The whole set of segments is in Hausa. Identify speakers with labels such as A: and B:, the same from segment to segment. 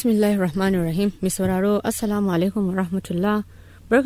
A: Bismillahirrahmanirrahim. Mai sauraro Assalamu alaikum wa rahmatullah.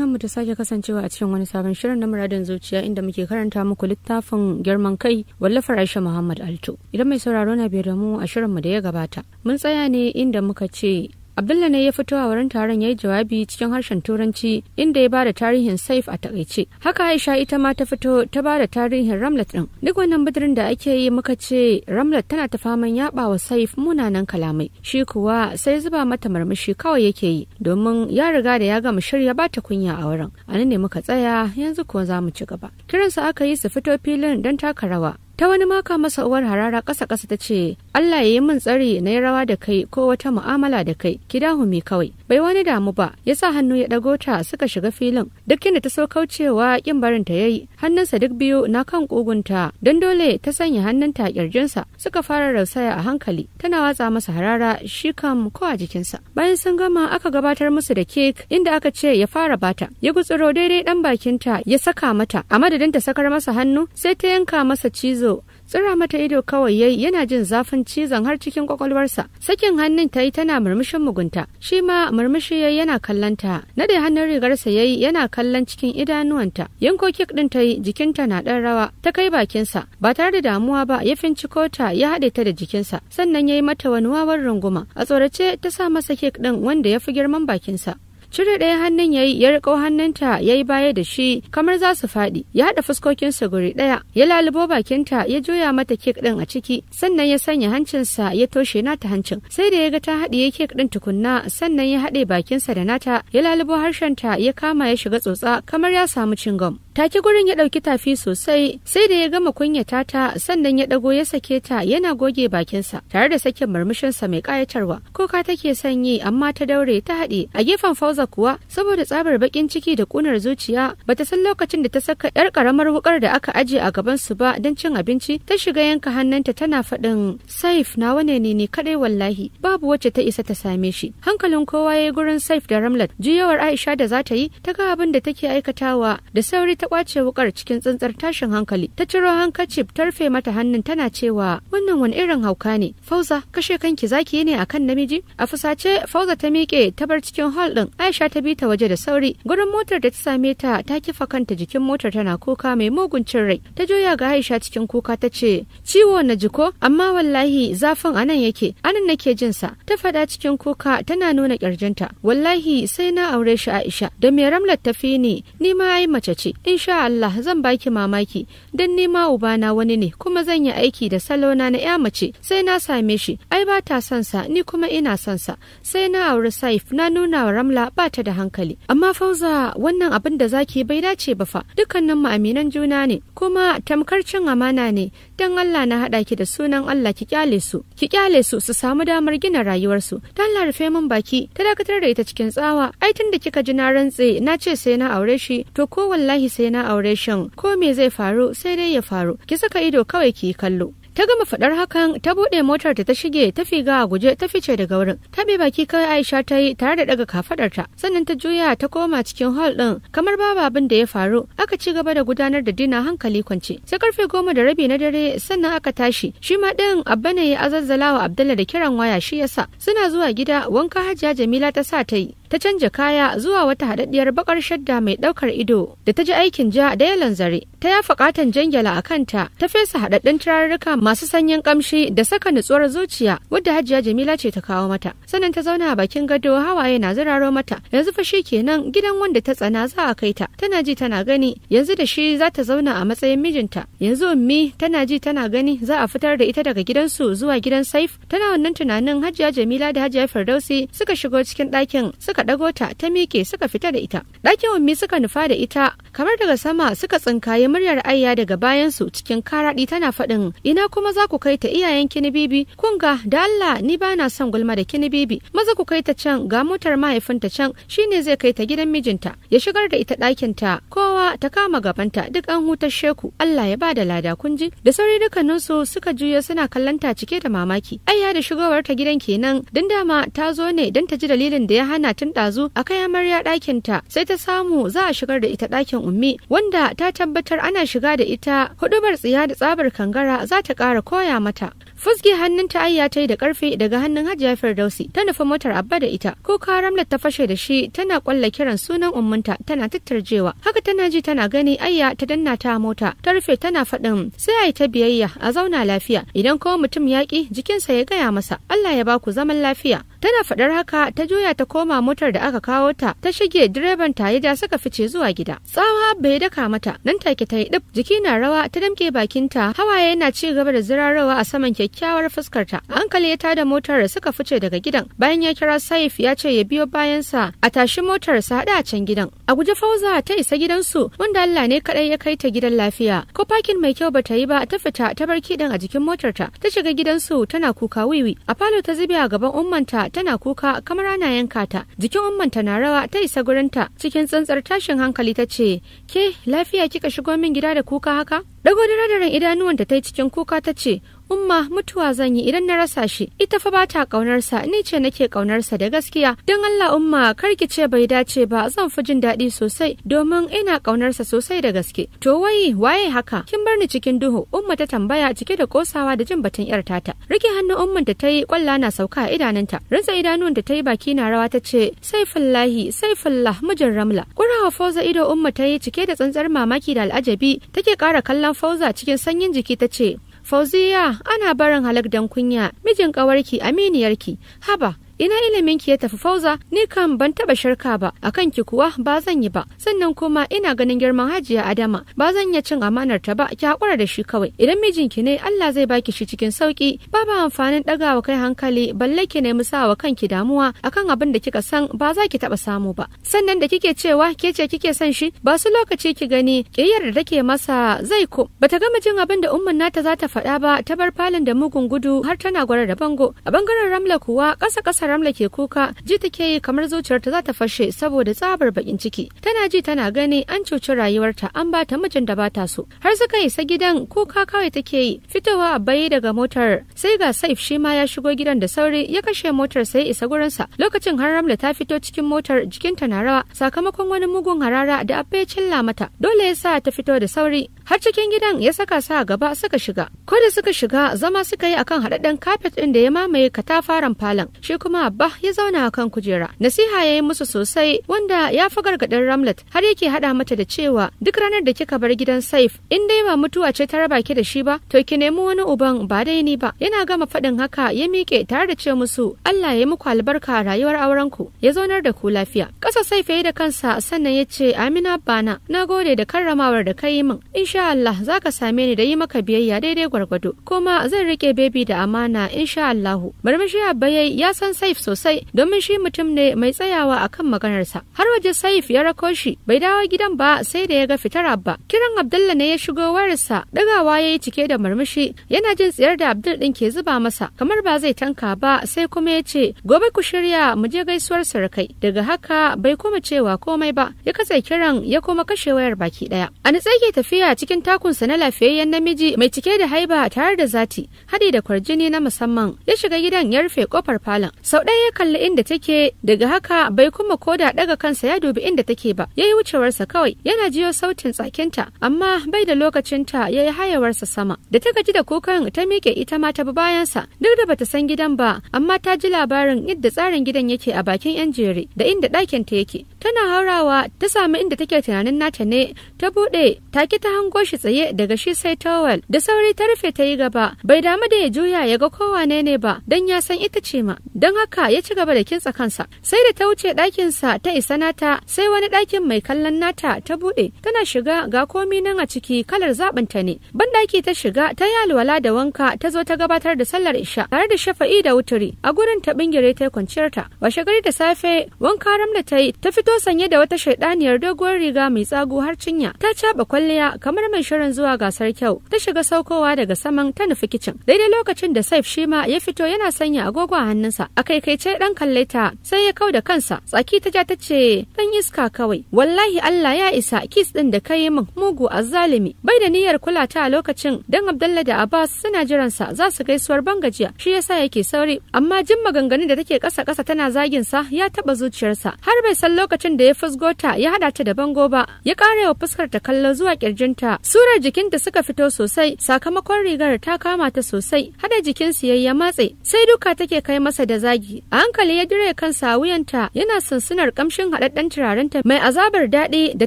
A: mu da sake kasancewa a cikin wani sabon shirin na muradin zuciya inda muke karanta muku littafin girman kai wallafar Aisha Muhammad Alto. Idan mai sauraro na bai da mu a shirinmu da ya gabata. Mun tsaya ne inda muka ce Abdullah ne ya fito a wurin taron ya yi jawabi cikin harshen Turanci inda ya bada tarihin Saif a takaice. Haka Aisha ita ma ta fito ta bada tarihin Ramlat din. Duk wannan bidirin da ake yi muka ce Ramlat tana ta faman yaba wa Saif munanan kalamai. Shi kuwa sai zuba mata murmushi kawai yake yi domin ya riga da ya gama shirya ba ta kunya a wurin. A nan ne muka tsaya yanzu kuwa za mu ci gaba. kiransa aka yi su fito filin don taka rawa. ta wani maka masa uwar harara kasa-kasa ta ce Allah ya yi min tsari na yi rawa da kai ko wata mu'amala da kai ki dahu mi kawai bai wani damu ba ya sa hannu ya ɗago ta suka shiga filin duk inda ta so kaucewa ƙin barin ta yayi hannunsa duk biyu na kan ƙugunta don dole ta sanya hannunta ta ƙirjinsa suka fara rausaya a hankali tana watsa masa harara shi kam ko a jikinsa bayan sun gama aka gabatar musu da kek inda aka ce ya fara bata ya gutsuro daidai ɗan bakinta ya saka mata a madadin ta sakar masa hannu sai ta yanka masa cizo zo tsira mata ido kawai yayi yana jin zafin cizon har cikin kwakwalwarsa sakin hannun ta yi tana murmushin mugunta shi ma murmushi yayi yana kallon ta dai hannun rigarsa yayi yana kallon cikin idanuwanta yanko kek din ta yi jikinta na dan rawa ta kai bakinsa ba tare da damuwa ba ya finciko ta ya haɗe ta da jikinsa sannan yayi mata wani wawan runguma a tsorace ta sa masa kek din wanda ya fi girman bakinsa cire ɗaya hannun ya yi ya riƙo hannunta ya yi baya da shi kamar za su faɗi ya haɗa fuskokinsa guri ɗaya ya lalubo bakinta ya juya mata kek ɗin a ciki sannan ya sanya hancinsa ya toshe nata hancin sai da ya ga ta haɗiye kek ɗin tukunna sannan ya haɗe bakinsa da nata ya lalubo harshenta ya kama ya shiga tsotsa kamar ya samu cingam take gurin ya ɗauki tafi sosai sai da ya gama kunyata ta sannan ya ɗago ya sake ta yana goge bakinsa tare da sakin murmushinsa mai ƙayatarwa kuka take sanyi amma ta daure ta haɗe a gefen fauza kuwa saboda tsabar bakin ciki da kunar zuciya bata san lokacin da ta saka yar karamar wukar da aka aje a gaban su ba don cin abinci ta shiga yanka hannunta tana faɗin saif na wane ne ne kaɗai wallahi babu wacce ta isa ta same shi hankalin kowa ya yi gurin saif da ramlat juyawar aisha da za ta yi ta ga abin da take aikatawa da sauri ta kwace wukar cikin tsantsar tashin hankali ta ciro hankacif ta rufe mata hannun tana cewa wannan wani irin hauka ne fauza kashe kanki zaki yi ne akan namiji a fusace fauza ta miƙe ta bar cikin hall din aisha ta bi ta waje da sauri gurin motar da ta same ta ta kifa kanta jikin motar tana kuka mai mugun cin rai ta joya ga aisha cikin kuka ta ce ciwo na jiko amma wallahi zafin anan yake anan nake jin sa ta faɗa cikin kuka tana nuna ƙirjinta wallahi sai na aure shi aisha da me ramlar tafi ne ni ma ai mace ce insha Allah zan baki mamaki dan nema na wani ne kuma zan yi aiki da salona na ya mace sai na same shi ai ba ta son sa ni kuma ina son sa sai na auri Saif na nuna wa Ramla ba ta da hankali amma Fauza wannan abin da zaki bai dace ba fa dukkanin mu aminan juna ne kuma tamkar cin amana ne dan Allah na haɗa ki da sunan Allah ki kyale su ki kyale su su samu damar gina rayuwarsu dan rufe min baki ta dakatar da ita cikin tsawa ai tun da kika ji na rantse na ce sai na aure shi to ko wallahi sai sai na aure shin ko me zai faru sai dai ya faru ki saka ido kawai ki kallo ta gama faɗar hakan ta buɗe motar ta shige ta figa a guje ta fice daga wurin ta bi baki kawai aisha ta yi tare da daga ta sannan ta juya ta koma cikin hall ɗin kamar babu abin da ya faru aka ci gaba da gudanar da dina hankali kwance sai karfe goma da rabi na dare sannan aka tashi shi ma din abba ne ya azazzala wa abdallah da kiran waya shi yasa suna zuwa gida wanka hajiya jamila ta sa ta yi ta canja kaya zuwa wata haɗaɗɗiyar bakar shadda mai ɗaukar ido da ta ji aikin ja da yalan zare ta yafa katon jangyala a kanta ta fesa haɗaɗɗun turarruka masu sanyin kamshi da saka nutsuwar zuciya wadda hajiya jamila ce ta kawo mata sannan ta zauna a bakin gado hawaye na ziraro mata yanzu fa shi kenan gidan wanda ta tsana za a kai ta tana ji tana gani yanzu da shi za ta zauna a matsayin mijinta yanzu ummi tana ji tana gani za a fitar da ita daga gidansu zuwa gidan saif tana wannan tunanin hajiya jamila da hajiya firdausi suka shigo cikin ɗakin suka ɗago ta ta miƙe suka fita da ita ɗakin ummi suka nufa da ita kamar daga sama suka tsinkaye muryar ayya daga bayansu cikin karaɗi tana faɗin ina kuma za ku kai ta iyayen kinibibi? bibi kun da Allah ni ba na son gulma da kinibibi. maza ku kai ta can ga motar mahaifinta can Shi ne zai kai ta gidan mijinta ya shigar da ita ɗakin ta kowa ta kama gabanta duk an hutar sheku Allah ya ba da lada kunji da sauri dukkaninsu suka juya suna kallanta cike da mamaki ayya da shigowarta gidan kenan dan dama ta zo ne don ta ji dalilin da ya hana ta tun ɗazu a kai amarya ɗakin ta sai ta samu za a shigar da ita ɗakin ummi wanda ta tabbatar ana shiga da ita hudubar tsiya da tsabar kangara za ta ƙara koya mata. Fuske hannun ta ayya ta yi da ƙarfe daga hannun Hajiya Firdausi ta nufi motar abba da ita ko karamlar ta fashe da shi tana kwalla kiran sunan umminta tana tattarjewa haka tana ji tana gani ayya ta danna ta mota ta rufe tana faɗin sai a ta biyayya a zauna lafiya idan kowa mutum ƙi, jikinsa ya gaya masa Allah ya baku zaman lafiya tana faɗar haka ta juya ta koma motar da aka kawo ta ta shige direban ta ya suka fice zuwa gida tsawa bai daka mata nan take ta yi dip jiki na rawa ta damke ta. hawaye yana ci gaba da zirarawa a saman kyakkyawar fuskar ta hankali ya tada motar da suka fice daga gidan bayan ya kira saif ya ce ya biyo bayansa a tashi motar sa hada a can gidan a guje fauza ta isa gidan su. wanda Allah ne kadai ya kai ta gidan lafiya ko parking mai kyau bata yi ba ta fita ta bar kidan a jikin motar ta ta shiga su tana kuka wiwi a falo ta zubi a gaban ummanta tana kuka kamar ana yanka ta jikin ummanta na rawa ta isa gurinta cikin tsantsar tashin hankali ta ce ke lafiya kika shigo min gida da kuka haka dago da radaran idanuwanta ta yi cikin kuka ta ce umma mutuwa zan yi idan na rasa shi ita fa bata ƙaunarsa ni ce nake ƙaunarsa da gaskiya don Allah umma kar ki ce bai dace ba zan fi jin daɗi sosai domin ina ƙaunarsa sosai da gaske to wai waye haka kin bar ni cikin duhu umma ta tambaya cike da kosawa da jin batun yar tata rike hannun umman da ta yi kwalla na sauka a idanunta rantsa idanun da ta yi baki na rawa ta ce saifullahi saifullah mijin ramla kurawa fauza ido umma ta yi cike da tsantsar mamaki da al'ajabi take ƙara kallon fauza cikin sanyin jiki ta ce Fauziya ana barin halak dan kunya mijin ƙawarki aminiyarki haba ina ilimin ki ya tafi fauza ni kan ban taba sharka ba akan ki kuwa ba zan yi ba sannan kuma ina ganin girman hajiya adama ba zan iya cin amanar ta ba ki hakura da shi kawai idan mijinki ne Allah zai baki shi cikin sauki babu amfanin dagawa kai hankali balle ki nemi sawa kanki damuwa akan abin da kika san ba za ki taba samu ba sannan da kike cewa ke ce kike san shi ba su lokaci ki gani kiyar da take masa zai ko bata gama jin abin da umman nata za ta faɗa ba ta bar falin da mugun gudu har tana gwara da bango a bangaren ramla kuwa ƙasa ƙasa yasa Ramla ke kuka ji take yi kamar zuciyarta za ta fashe saboda tsabar bakin ciki. Tana ji tana gani an cuci rayuwarta an ba ta mijin da bata so. Har suka isa gidan kuka kawai take yi fitowa a baye daga motar sai ga Saif shi ma ya shigo gidan da sauri ya kashe motar sai isa gurinsa. Lokacin har Ramla ta fito cikin motar jikinta na rawa sakamakon wani mugun harara da abba ya cilla mata. Dole yasa ta fito da sauri har cikin gidan ya saka sa gaba suka shiga. Ko da suka shiga zama suka yi akan haɗaɗɗen kafet ɗin da ya mamaye katafaren falon. Shi kuma kuma abba ya zauna a kan kujera nasiha ya yi musu sosai wanda ya fi gargaɗin ramlet har yake haɗa mata da cewa duk ranar da kika bar gidan saif in dai ba mutuwa ce ta raba ki da shi ba to ki nemi wani uban ba dai ni ba yana gama faɗin haka ya miƙe tare da ce musu Allah ya yi muku albarka rayuwar aurenku ya zaunar da ku lafiya ƙasa saif ya yi da kansa sannan ya ce Amina bana na gode da karramawar da ka yi min insha Allah za ka same ni da yi maka biyayya daidai gwargwado kuma zan rike bebi da amana insha Allahu murmushi abba ya san Saif sosai domin shi mutum ne mai tsayawa a kan maganarsa. Har waje Saif ya rako shi bai dawo gidan ba sai da ya ga fitar Abba. Kiran Abdullah ne ya shigo wayarsa dagawa yayi cike da murmushi yana jin tsayar da Abdul din ke zuba masa kamar ba zai tanka ba sai kuma ya ce gobe ku shirya mu je gaisuwar surukai daga haka bai kuma cewa komai ba ya katse kiran ya kuma kashe wayar baki daya. A nitsa ke tafiya cikin takunsa na lafiyayyen namiji mai cike da haiba tare da zati hadi da kwarjini na musamman ya shiga gidan ya rufe kofar falon. sau ɗaya ya kalli inda take daga haka bai kuma koda ɗaga kansa ya dubi inda take ba ya yi wucewarsa kawai yana jiyo sautin tsakinta amma bai da lokacinta ya yi hayawarsa sama da ta gaji da kukan ta miƙe ita ma ta bi bayansa duk da bata san gidan ba amma ta ji labarin yadda tsarin gidan yake a bakin yan jere da inda ɗakin ta yake tana haurawa ta samu inda take tunanin nata ne ta buɗe take ta hango shi tsaye daga shi sai towel da sauri ta rufe ta yi gaba bai damu da ya juya ya ga kowane ne ba dan ya san ita ce ma don haka ya ci gaba da kintsa kansa sai da ta wuce ɗakinsa ta isa nata sai wani ɗakin mai kallon nata ta buɗe tana shiga ga komi nan a ciki kalar zaɓin ta ne ban ɗaki ta shiga ta yi alwala da wanka ta zo ta gabatar da sallar isha tare da shafa'i da wuturi a gurin ta bingire ta kwanciyar ta washe gari da safe wanka ramla ta yi ta fito sanye da wata shaidaniyar doguwar riga mai tsago har cinya ta caɓa kwalliya kamar mai shirin zuwa gasar kyau ta shiga saukowa daga saman ta nufi kicin daidai lokacin da saif shima ya fito yana sanya agogo a hannunsa akai kaikaice dan kalle ta sai ya kau da kansa tsaki ta ja ta ce dan iska kawai wallahi Allah ya isa kis din da kai min mugu azzalimi bai da niyyar kula ta a lokacin dan Abdalla da Abbas suna jiran sa za su gaisuwar bangajiya shi yasa yake sauri amma jin maganganun da take kasa kasa tana zagin sa ya taba zuciyarsa har bai san lokacin da ya fusgo ta ya hada ta da bango ba ya karewa fuskar ta kallo zuwa kirjinta surar jikinta suka fito sosai sakamakon rigar ta kama ta sosai hada jikin siyayya matse sai duka take kai masa da zagi a hankali ya dire kansa a wuyanta yana sansunar kamshin haɗaɗɗen turarenta mai azabar daɗi da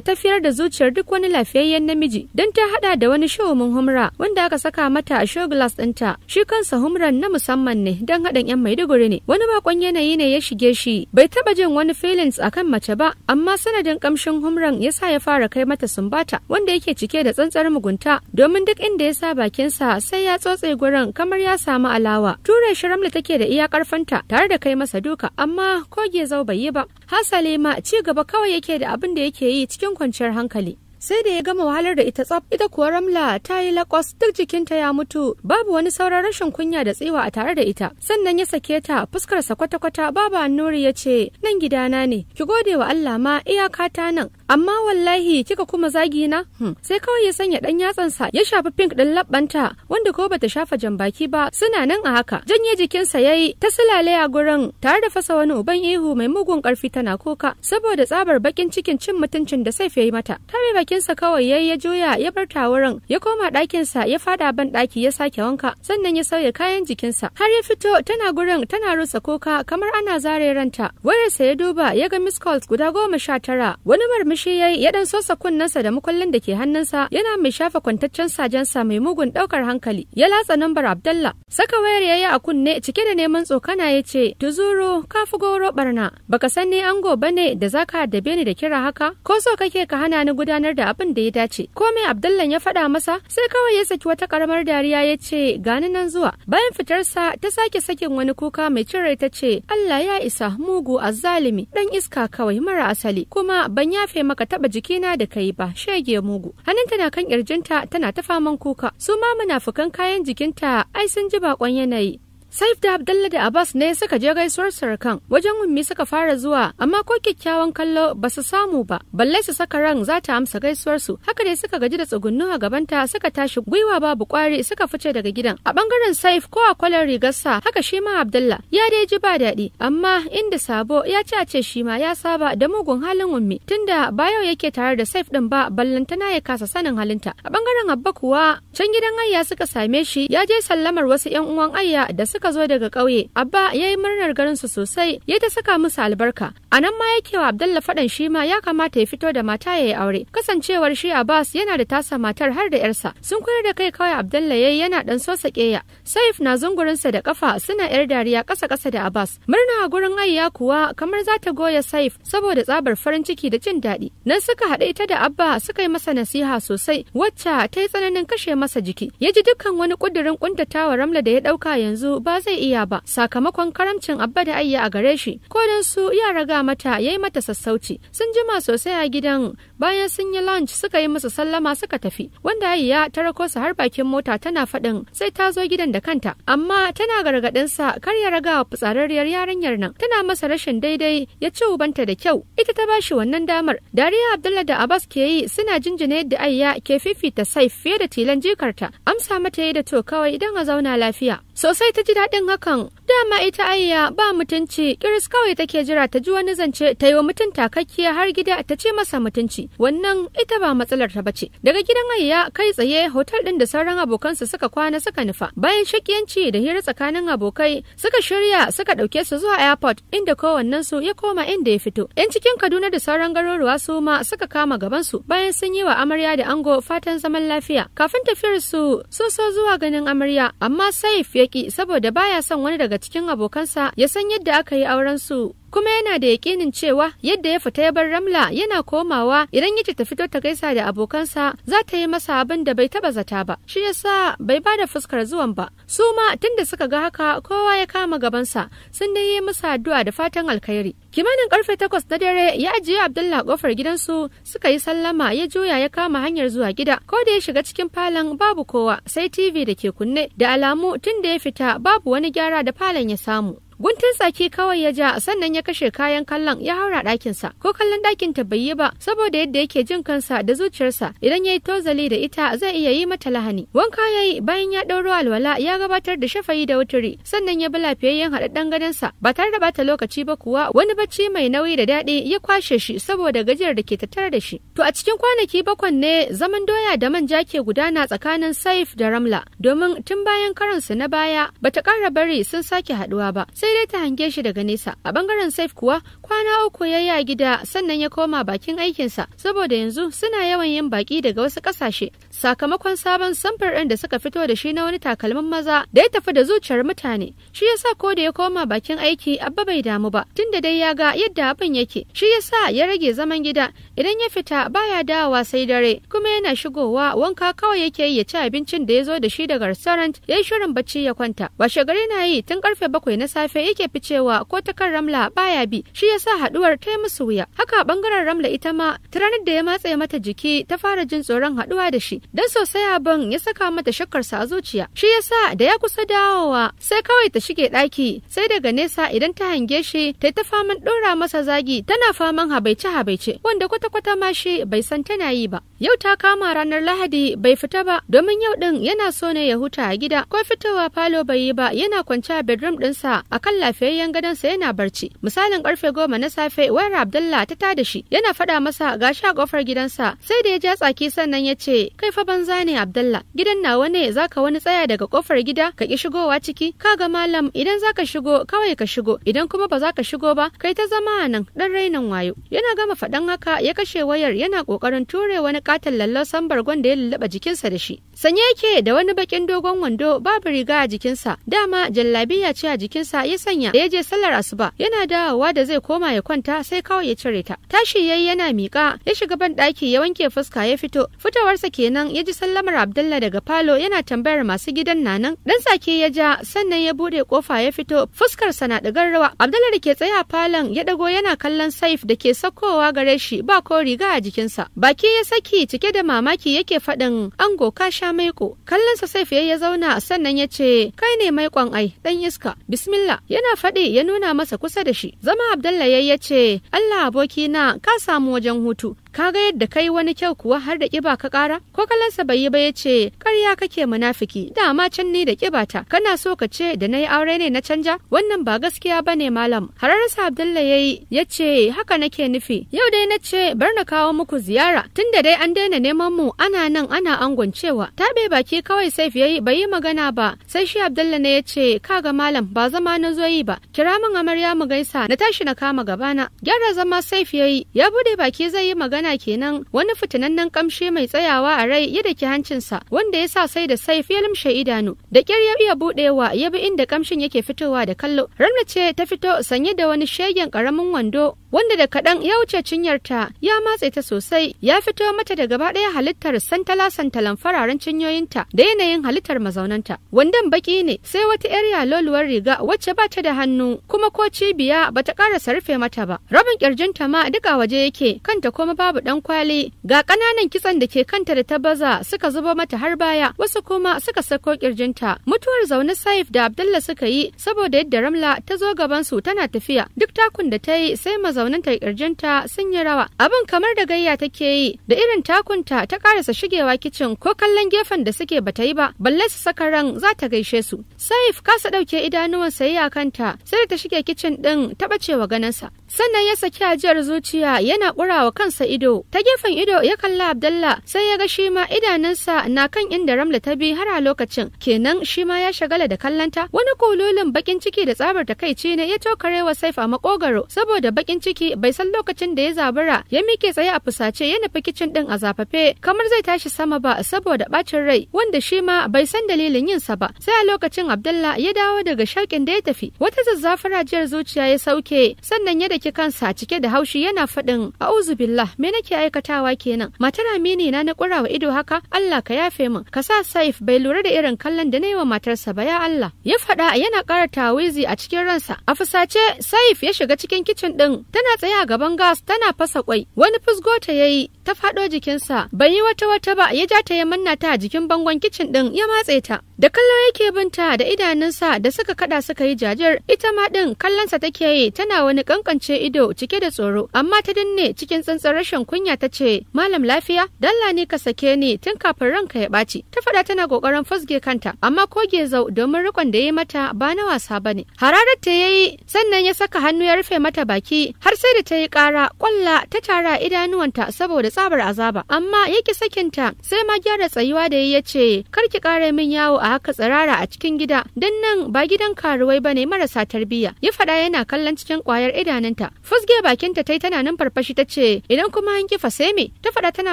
A: tafiyar da zuciyar duk wani lafiyayyen namiji don ta haɗa da wani shawumin humra wanda aka saka mata a glass ɗinta shi kansa humran na musamman ne don haɗin yan maiduguri ne wani bakon yanayi ne ya shige shi bai taɓa jin wani feelings akan mace ba amma sanadin kamshin humran ya sa ya fara kai mata sumbata wanda yake cike da tsantsar mugunta domin duk inda ya sa bakinsa sai ya tsotse gurin kamar ya samu alawa ture shiramla take da iya karfanta tare da kai masa duka amma koge zau bai yi ba hasale ma ci gaba kawai yake da abin da yake yi cikin kwanciyar hankali sai da ya gama wahalar da ita tsaf ita kuwa ramla ta yi lakwas duk jikinta ya mutu babu wani sauran rashin kunya da tsiwa a tare da ita sannan ya sake ta fuskarsa kwata-kwata babu nuri ya ce nan gidana ne ki gode wa Allah ma iyaka ta nan amma wallahi kika kuma zagi na hmm. sai kawai ya sanya dan yatsansa ya shafa pink din labbanta wanda ko bata shafa jambaki ba suna nan a haka janye jikinsa yayi ta sulale a gurin tare da fasa wani uban ihu mai mugun karfi tana kuka saboda tsabar bakin cikin cin mutuncin da sai yayi mata tare bakinsa kawai yayi ya juya ya bar ta wurin ya koma ɗakinsa ya fada ban ɗaki ya sake wanka sannan ya sauya kayan jikinsa har ya fito tana gurin tana rusa kuka kamar ana zare ranta wayarsa ya duba ya ga miss calls guda goma sha tara wani marmishi ya yayi ya dan sosa kunnensa da makullin da ke hannunsa yana mai shafa kwantaccen sajensa mai mugun daukar hankali ya latsa nambar Abdallah saka wayar yayi a kunne cike da neman tsokana ya ce tuzuru ka fi goro barna baka san ni ango ne da zaka haddabe ni da kira haka ko so kake ka hana ni gudanar da abin da ya dace komai Abdallah ya faɗa masa sai kawai ya saki wata karamar dariya ya ce gani nan zuwa bayan fitarsa ta sake sakin wani kuka mai cire ta ce Allah ya isa mugu azzalimi dan iska kawai mara asali kuma ban yafe maka taba jikina da kai ba shege mugu hannunta na kan kirjinta tana ta faman kuka su ma munafukan kayan jikinta ai sun ji bakon yanayi Saif da Abdullahi da Abbas ne suka je gaisuwar sarkan wajen ummi suka fara zuwa amma ko kyakkyawan kallo ba su samu ba balle su saka ran za ta amsa gaisuwar su haka dai suka gaji da tsugunnu a gabanta suka tashi gwiwa babu kwari suka fice daga gidan a bangaren Saif ko a kwalar sa, haka shi ma Abdullahi ya dai ji ba daɗi amma inda sabo ya ci a ce shi ma ya saba da mugun halin ummi tunda ba yau yake tare da Saif din ba ballantana ya kasa sanin halinta a bangaren Abba kuwa can gidan Ayya suka same shi ya je sallamar wasu 'yan uwan Ayya da su suka zo daga ƙauye abba ya yi murnar garinsu sosai ya ta saka musu albarka a nan ma yake wa abdalla faɗan shi ma ya kamata ya fito da mata ya yi aure kasancewar shi abbas yana da tasa matar har da yarsa sun koyar da kai kawai abdalla ya yi yana ɗan so keya saif na zungurinsa da kafa suna yar dariya ƙasa ƙasa da abbas murna a gurin ayya kuwa kamar za ta goya saif saboda tsabar farin ciki da jin daɗi nan suka haɗe ita da abba suka yi masa nasiha sosai wacce ta yi tsananin kashe masa jiki ya ji dukkan wani ƙudurin ƙuntatawa ramla da ya ɗauka yanzu ba zai iya ba sakamakon karamcin abba da ayya a gare shi ko dan su ya raga mata yayi mata sassauci sun jima sosai a gidan bayan sun yi lunch suka yi musu sallama suka tafi wanda ayya ta rako su har bakin mota tana faɗin sai ta zo gidan da kanta amma tana gargaɗin sa kar ya raga fitsararriyar yarinyar nan tana masa rashin daidai ya ci ubanta da kyau ita ta bashi wannan damar dariya abdullah da abbas ke yi suna jinjina yadda ayya ke fifita saif fiye da tilan jikarta amsa mata yi da to kawai idan a zauna lafiya sosai ta ji daɗin hakan. Dama ita ayya ba mutunci, kiris kawai take jira ta ji wani zance ta yi wa mutum takakkiya har gida ta ce masa mutunci. Wannan ita ba matsalar ta bace. Daga gidan ayya kai tsaye hotel ɗin da sauran abokansa suka kwana suka nufa. Bayan shakiyanci da hira tsakanin abokai suka shirya suka ɗauke su zuwa airport inda kowannen su ya koma inda ya fito. Yan cikin Kaduna da sauran garuruwa su ma suka kama gaban su bayan sun yi wa amarya da ango fatan zaman lafiya. Kafin tafiyar su sun so zuwa ganin amarya amma Saif ya ki saboda da baya son wani daga cikin abokansa ya san yadda aka yi auren su kuma yana da yakinin cewa yadda ya fita ya bar ramla yana komawa idan yace ta fito ta gaisa da abokansa za ta yi masa abin da bai taba zata ba shi yasa bai bada fuskar zuwan ba su ma tunda suka ga haka kowa ya kama gabansa sun dai yi masa addu'a da fatan alkhairi kimanin karfe takwas na dare ya ajiye abdullah kofar gidansu suka yi sallama ya juya ya kama hanyar zuwa gida ko da ya shiga cikin falon babu kowa sai tv da ke kunne da alamu tunda ya fita babu wani gyara da falon ya samu guntun tsaki kawai ya ja sannan ya kashe kayan kallon ya haura ɗakinsa ko kallon ɗakin ta bai yi ba saboda yadda yake jin kansa da zuciyarsa idan ya yi tozali da ita zai iya yi mata lahani wanka ya yi bayan ya ɗauro alwala ya gabatar da shafayi da wuturi sannan ya bi lafiyayyen haɗaɗɗen gadonsa ba tare da bata lokaci ba kuwa wani bacci mai nauyi da daɗi ya kwashe shi saboda gajiyar da ke tattare da shi to a cikin kwanaki bakwan ne zaman doya da manja ke gudana tsakanin saif da ramla domin tun bayan karansu na baya bata ƙara bari sun sake haɗuwa ba sai sai dai ta hange shi daga nesa a bangaren saif kuwa kwana uku ya yi a gida sannan ya koma bakin aikinsa saboda yanzu suna yawan yin baki daga wasu ƙasashe sakamakon sabon samfur ɗin da suka fito da shi na wani takalmin maza da ya tafi da zuciyar mutane shi yasa ko da ya koma bakin aiki abba bai damu ba tunda dai ya ga yadda abin yake shi yasa ya rage zaman gida idan ya fita baya dawowa sai dare kuma yana shigowa wanka kawai yake yi ya ci abincin da ya zo da shi daga restaurant ya yi shirin bacci ya kwanta washe gari na yi tun karfe bakwai na safe gefe yake ficewa ko ta kan ramla baya bi shi yasa haduwar ta musu wuya haka bangaren ramla ita ma ta ranar da ya matse mata jiki ta fara jin tsoron haduwa da shi dan sosai abin ya saka mata shakkar sa a zuciya shi yasa da ya kusa dawowa sai kawai ta shige daki sai daga nesa idan ta hange shi ta ta faman dora masa zagi tana faman habaice habaice wanda kwata kwata ma shi bai san tana yi ba yau ta kama ranar lahadi bai fita ba domin yau din yana so ne ya huta a gida ko fitowa falo bai yi ba yana kwance a bedroom dinsa kan lafiyayyen gadonsa yana barci misalin karfe goma na safe wayar abdullah ta tada shi yana faɗa masa gashi a kofar gidansa sai da ya ja tsaki sannan ya ce kai fa banza ne abdullah gidan nawa ne zaka wani tsaya daga kofar gida ka ki shigowa ciki Ka ga malam idan zaka shigo kawai ka shigo idan kuma ba ka shigo ba kai ta zama nan ɗan rainan wayo yana gama faɗan haka ya kashe wayar yana kokarin ture wani katon lallasan bargon da ya lullaba jikinsa da shi sanye yake da wani baƙin dogon wando babu riga a jikinsa dama jallabiya ce a jikinsa ya sanya da ya je sallar asuba yana dawowa da zai koma ya kwanta sai kawai ya cire ta tashi yayi yana miƙa ya shiga ban ɗaki ya wanke fuska ya fito fitowarsa kenan ya ji sallamar abdalla daga falo yana tambayar masu gidan nanan dan sake ya ja sannan ya buɗe kofa ya fito fuskarsa na ɗigar rawa abdalla da ke tsaye a falon ya ɗago yana kallon saif da ke saukowa gare shi ba ko riga a jikinsa baki ya saki cike da mamaki yake faɗin ango ka sha maiko sa saif ya zauna sannan ya ce kai ne maikon ai dan iska bismillah yana faɗi ya nuna masa kusa da shi zama Abdullahi ya ce allah abokina ka samu wajen hutu ka ga yadda kai wani kyau kuwa har da ƙiba ka ƙara ko kalansa bai yi ba ya ce ƙarya kake munafiki dama can ni da ta kana so ka ce da na yi aure ne na canja wannan ba gaskiya ba ne malam hararsa abdullahi ya yi ya ce haka nake nufi yau dai na ce bar na kawo muku ziyara tunda dai an daina neman mu ana nan ana angon cewa taɓe baki kawai saif ya yi bai yi magana ba sai shi abdullahi ne ya ce kaga malam ba zama na zo yi ba kira min amarya mu gaisa na tashi na kama gabana gyara zama saif ya ya bude baki zai yi magana magana kenan wani fitinannen kamshi mai tsayawa a rai ya daki hancinsa wanda yasa sai da sai ya limshe idanu da kyar ya iya budewa ya bi inda kamshin yake fitowa da kallo ramna ce ta fito sanye da wani shegen karamin wando wanda da kaɗan ya wuce cinyarta ya matse ta sosai ya fito mata da gaba ɗaya halittar santala santalan fararen cinyoyinta da yanayin halittar mazaunanta wandan baki ne sai wata yar yaloluwar riga wacce ba ta da hannu kuma ko cibiya ba ta ƙarasa rufe mata ba rabin ƙirjinta ma duka waje yake kanta kuma babu ɗan kwali ga ƙananan kitsan da ke kanta da ta baza suka zubo mata har baya wasu kuma suka sako ƙirjinta mutuwar zaune saif da abdullah suka yi saboda yadda ramla ta zo gabansu tana tafiya duk takun da ta yi sai maza mazauninta da kirjinta sun yi rawa abin kamar da gayya take yi da irin takunta ta karasa shigewa kicin ko kallon gefen da suke bata yi ba balle su saka ran za ta gaishe su saif kasa dauke idanuwan sayi a kanta sai ta shige kicin din ta ganin ganinsa sannan ya saki ajiyar zuciya yana ƙurawa kansa ido ta gefen ido ya kalla abdallah sai ya ga shi ma idanunsa na kan inda ramla ta bi har a lokacin kenan shi ma ya shagala da kallanta wani kululin bakin ciki da tsabar takaici ne ya tokare wa a makogaro saboda bakin ciki bai san lokacin da ya zabura ya mike tsaye a fusace ya nufi kicin din a zafafe kamar zai tashi sama ba saboda bacin rai wanda shi ma bai san dalilin yinsa ba sai a lokacin abdallah ya dawo daga shauƙin da ya tafi wata zazzafar ajiyar zuciya ya sauke sannan ya da daki kansa cike da haushi yana faɗin a'uzu billah me nake aikatawa kenan matar amini na na kurawa ido haka Allah ka yafe min ka sa Saif bai lura da irin kallon da na yi wa matarsa ba ya Allah ya faɗa yana ƙara tawizi a cikin ransa a fusace Saif ya shiga cikin kicin ɗin tana tsaye a gaban gas tana fasa kwai wani fusgo ta yi ta faɗo jikinsa bai yi wata wata ba ya ja ta ya manna ta a jikin bangon kicin ɗin ya matse ta da kallo yake binta da idanunsa da suka kada suka yi jajir, ita ma din kallonsa take yi tana wani kankance ido cike da tsoro amma ta danne cikin tsantsan rashin kunya ta ce malam lafiya dalla ne ka sake ni tun kafin ranka ya ɓaci ta faɗa tana kokarin fasge kanta amma ko gezau domin rikon da ya mata ba na wasa ba ne hararar ta yayi sannan ya saka hannu ya rufe mata baki har sai da ta yi ƙara kwalla ta tara idanuwanta saboda tsabar azaba amma yake sakinta sai ma gyara tsayuwa da ya ce kar ki ƙara min yawo a haka tsirara a cikin gida don nan ba gidan karuwai ba ne marasa tarbiyya ya faɗa yana kallon cikin ƙwayar idanunta fusge bakinta tai tana nan farfashi ta ce idan kuma an kifa sai me ta faɗa tana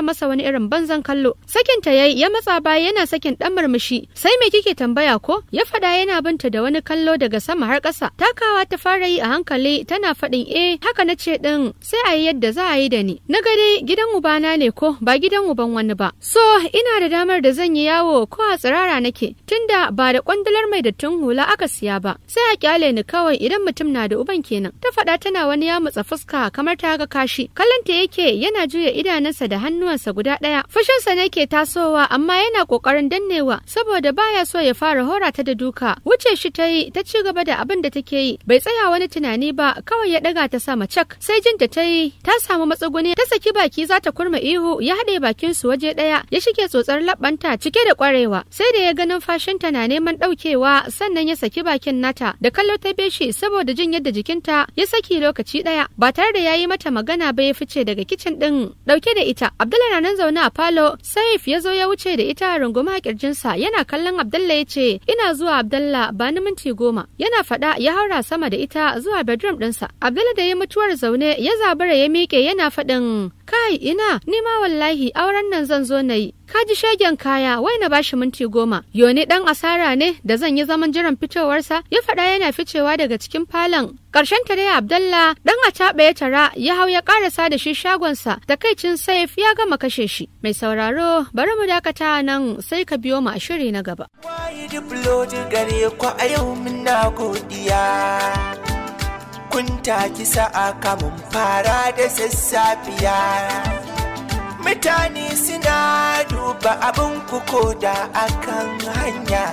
A: masa wani irin banzan kallo sakin ta yayi ya matsa baya yana sakin ɗan murmushi sai me kike tambaya ko ya faɗa yana binta da wani kallo daga sama har ƙasa takawa ta fara yi a hankali tana faɗin eh haka na ce ɗin sai a yi yadda za a yi da ni na ga dai gidan ubana ne ko ba gidan uban wani ba so ina da damar da zan yi yawo ko a tsirara nake tunda ba da kwandalar mai dattin hula aka siya ba sai a kyale ni kawai idan mutum na da uban kenan ta faɗa tana wani ya mutsa fuska kamar ta ga kashi kallanta yake yana juya idanunsa da hannuwansa guda ɗaya fushinsa ne ke tasowa amma yana ƙoƙarin dannewa saboda baya so ya fara hora ta da duka wuce shi ta yi ta ci gaba da abin da take yi bai tsaya wani tunani ba kawai ya ɗaga ta sama cak sai jin da ta yi ta samu matsuguni ta saki baki za ta kurma ihu ya haɗe bakinsu waje ɗaya ya shige tsotsar laɓanta cike da ƙwarewa sai da ya ganin numfashinta na neman ɗaukewa sannan ya saki bakin nata da kallo ta beshi saboda jin yadda jikinta ya saki lokaci ɗaya ba tare da yayi mata magana ba ya fice daga kicin ɗin ɗauke da ita Abdullahi na nan zaune a falo Saif ya zo ya wuce da ita runguma a kirjinsa yana kallon Abdullahi ya ce ina zuwa Abdullahi ba ni minti goma yana faɗa ya haura sama da ita zuwa bedroom ɗinsa Abdullahi da ya mutuwar zaune ya zabura ya miƙe yana faɗin kai ina ni ma wallahi auren nan zan zo na yi Ka ji shagen kaya, wai na bashi minti goma. Yoni dan asara ne da zan yi zaman jiran fitowarsa, ya faɗa yana ficewa daga cikin falon. Ƙarshen ta dai Abdalla dan a taɓa ya tara ya hau ya ƙarasa da shi shagonsa, takaicin saif ya gama kashe shi. Mai sauraro, bari mu dakata nan sai ka biyo mu a shiri na gaba. Waye gare ku a muna godiya. Kun taki sa'a kamun fara da sassafiya. mutane suna duba abin kuko da akan hanya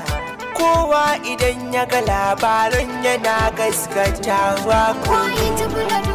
A: kowa idan ya ga labaran yana gaskatawa koyi